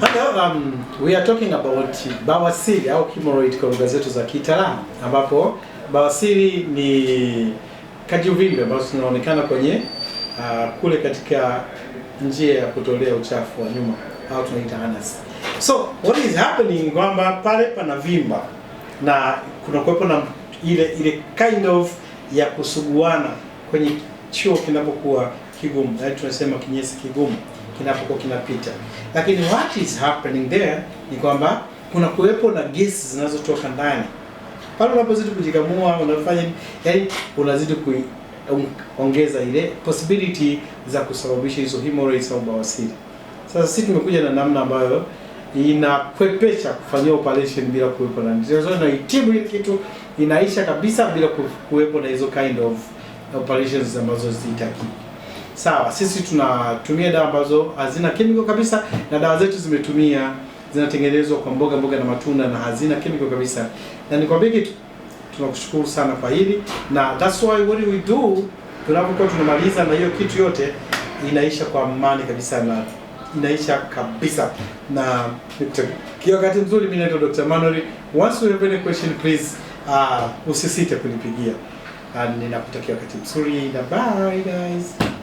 Hello, um, we are talking about bawasiri au kimoroid kwa lugha zetu za kitaalamu ambapo bawasiri ni kajuvimbe ambazo tunaonekana kwenye uh, kule katika njia ya kutolea uchafu wa nyuma au tunaita anus. So what is happening kwamba pale pana vimba na kuna kuwepo na ile ile kind of ya kusuguana kwenye chuo kinapokuwa kigumu, yaani tunasema kinyesi kigumu kinapokuwa kinapita. Lakini what is happening there ni kwamba kuna kuwepo na gesi zinazotoka ndani pale unapozidi kujikamua, unafanya yani, unazidi kuongeza ile possibility za kusababisha hizo hemorrhoids au bawasiri. Sasa sisi tumekuja na namna ambayo inakwepesha kufanyia operation bila kuwepo na ndizo, inaitibu ile kitu inaisha kabisa bila kuwepo na hizo kind of operations ambazo zitakii sawa, sisi tunatumia dawa ambazo hazina kemiko kabisa, na dawa zetu zimetumia zinatengenezwa kwa mboga mboga na matunda na hazina kemiko kabisa, na nikwambie kitu, tunakushukuru sana kwa hili, na that's why what we do, tunapokuwa tunamaliza na hiyo kitu yote inaisha kwa amani kabisa na inaisha kabisa na kia wakati mzuri. Mimi naitwa Dr. Manuel. Once you have any question please, uh, usisite kunipigia. Uh, ninakutakia wakati mzuri na bye guys.